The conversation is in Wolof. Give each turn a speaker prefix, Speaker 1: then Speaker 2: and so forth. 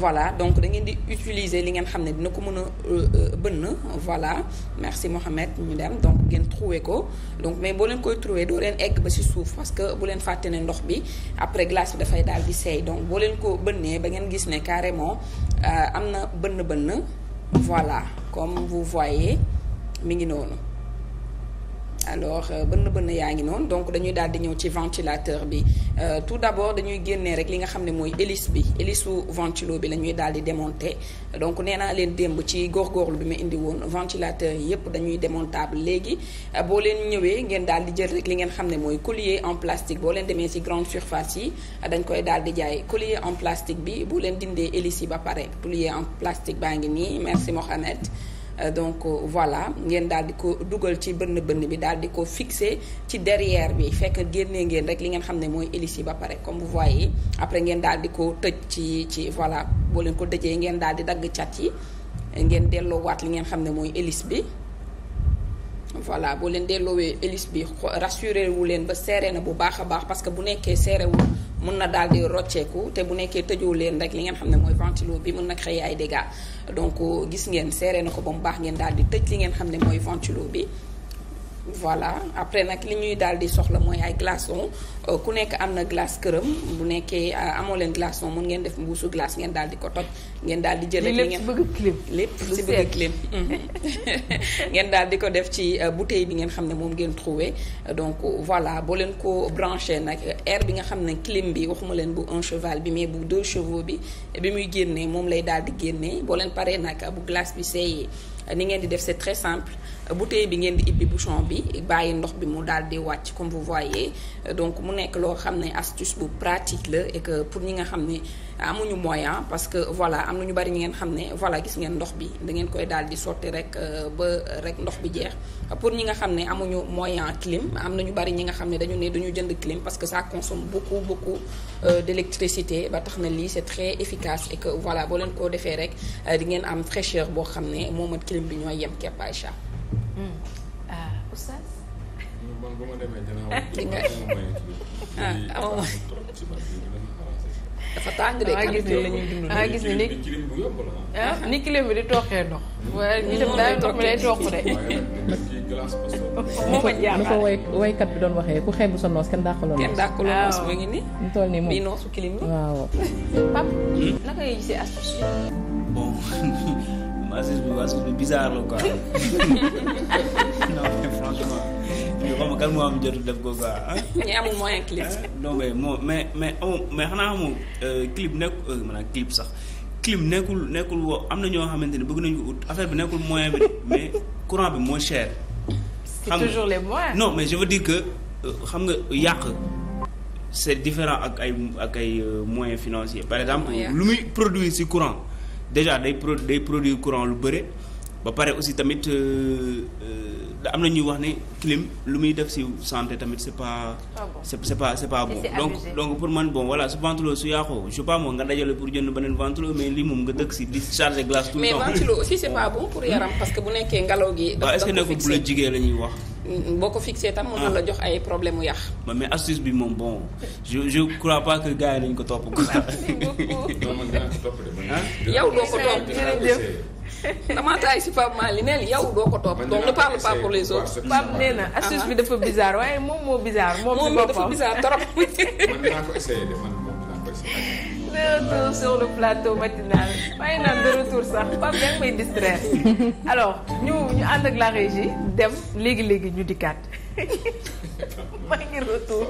Speaker 1: voilà donc da ngeen di utiliser li ngeen xam ne dina ko mën a euh, euh, bënn voilà merci Mohamed ñu dem donc ngeen trouver ko donc mais boo leen koy trouver doo leen egg ba ci suuf parce que bu leen fàtte ne ndox bi après glace bi dafay daal di seey donc boo leen ko bënnee ba ngeen gis ne carrément euh, am na bënn bënn voilà comme vous voyez mi ngi noonu. alors bënn euh, bënn yaa ngi noonu donc dañuy daal di ñëw ci ventilateur bi euh, tout d'abord dañuy génnee rek li nga xam ne mooy hélice bi hélice su ventilo bi la ñuy daal di démonter donc neenaa naa leen démb ci góorgóorlu bi ma indi woon ventilateur yi yëpp dañuy démontable léegi euh, boo leen ñëwee ngeen daal di jël rek li ngeen xam ne mooy collier en plastique boo leen demee ci grande surface yi dañ koy daal di jaay collier en plastique bi boo leen dindee hélice yi ba pare collier plastique baa ngi nii merci Mohamed Euh, donc euh, voilà ngeen daal di ko dugal ci bënn bënn bi daal di ko fixé ci derrière bi fekk génnee ngeen rek li ngeen xam ne mooy hélice yi ba pare comme vous voyez après ngeen daal di ko tëj ci ci voilà boo leen ko tëjee ngeen daal di dagg cat yi ngeen delloowaat li ngeen xam ne mooy élise bi voilà boo leen delloowee hélice bi rassuré wu leen ba serré na bu baax a baax parce que bu nekkee serré wu mun na daal di rocceeku te bu nekkee tëjoo leen rek li ngeen xam ne mooy ventilo bi mun na créer ay dégâts donc gis ngeen serré na ko ba mu baax ngeen daal di tëj li ngeen xam ne mooy ventilo bi. voilà après nag li ñuy daal di soxla mooy ay glaçons euh, ku nekk am na glace këram bu nekkee euh, amoo leen glaçon mun ngeen def mbuusu glace ngeen daal di ko toj ngeen daal di jël ngeen bëgg clim lépp si bëgg mhm. daal di ko def ci euh, bouteille bi ngeen xam ne moom ngeen trouvé donc voilà boo leen ko branché nag air bi nga xam ne kilim bi waxuma leen bu un cheval bi mais bu deux chevaux bi bi muy génnee moom lay daal di génnee boo leen paree nag bu glace bi seeyee ni ngeen di def c'est très simple bouteille bi ngeen di ibbi bouchon bi bàyyi ndox bi mu daal di wàcc comme vous voyez donc mu nekk loo xam ne astuce bu pratique la et que pour ñi nga xam ne amuñu moyen parce que voilà am na ñu bari ñi ngeen xam ne voilà gis ngeen ndox bi da ngeen koy daal di sotti rek euh, ba rek ndox bi jeex pour ñi nga xam ne amuñu moyen clim am na ñu bari ñi nga xam ne dañu ne duñu jënd clim parce que ça consomme beaucoup beaucoup euh, d'électricité ba tax na lii c'est très efficace et voilà boo leen ko defee rek euh, di ngeen am fraîcheur boo xam ne moo mat clim sëriñ ñoo yem kepp Aïcha. Hmm. ah oustaz.
Speaker 2: man bu ah, ah, dafa tàng de. Ah, gis ne la ñuy ni
Speaker 1: ni kilim bi di tooxee ndox.
Speaker 2: waaye ñu daal ndox mi lay toox de.
Speaker 1: moo ko way waykat bi doon waxee ku xeebu sa noos kenn dàqaloo noos. kenn dàqaloo noos ni. toll nii moom waaw. Pape naka ngay gisee
Speaker 2: astuce. bon. Aziz bi Aziz bi bizarre la quoi non mais franchement ñu xam kan moo am jotul def ko ah. ñu amul moyen clip. non mais mais mais amoo mais xanaa xamul euh, clip nekk euh, maanaam clip sax clip nekkul nekkul am na ñoo xamante ne bëgg nañu ko ut affaire bi nekkul moyen bi mais courant bi moo cher. c'est toujours les
Speaker 1: moyens. non mais je
Speaker 2: veux dire que euh, xam nga yàq. c'est différent ak ay ak ay par exemple lu muy produire ci courant. déjà day pro day produire courant lu bëre ba pare aussi tamit da euh, euh, am na ñuy wax ni clim lu muy def ci santé tamit c'est pas. c'est c'est pas c'est pas bon. donc donc pour man bon voilà su ventilo su yaaxoo je pas moom nga dajale pour jënd beneen ventilo mais lii moom nga dëkk ci di charger glace mais ventilo
Speaker 1: aussi c'est pas bon pour yaram parce que bu nekkee ngelaw gi. da est nekkul
Speaker 2: bu la jigéen la wax.
Speaker 1: Mm, boo ko fixé tam mën na ah. la jox ay problème mu
Speaker 2: ma mais astuce bi moom bon je je crois pas que ko topp. merci beaucoup.
Speaker 1: yow doo dama taay si Pape li neel yow doo ko topp donc ne parle pas pour les autres. Pape nee na astuce bi dafa bizarre waaye moom moo bizarre. moom dafa bizarre
Speaker 2: trop. man dinaa ko essayé de man moom
Speaker 1: retour sur le plateau matinal waaye naan de retour sax Pape yaa ngi may distraire ñu ñu ànd ak la régie dem léegi léegi ñu dikkaat
Speaker 2: maa ngi retour.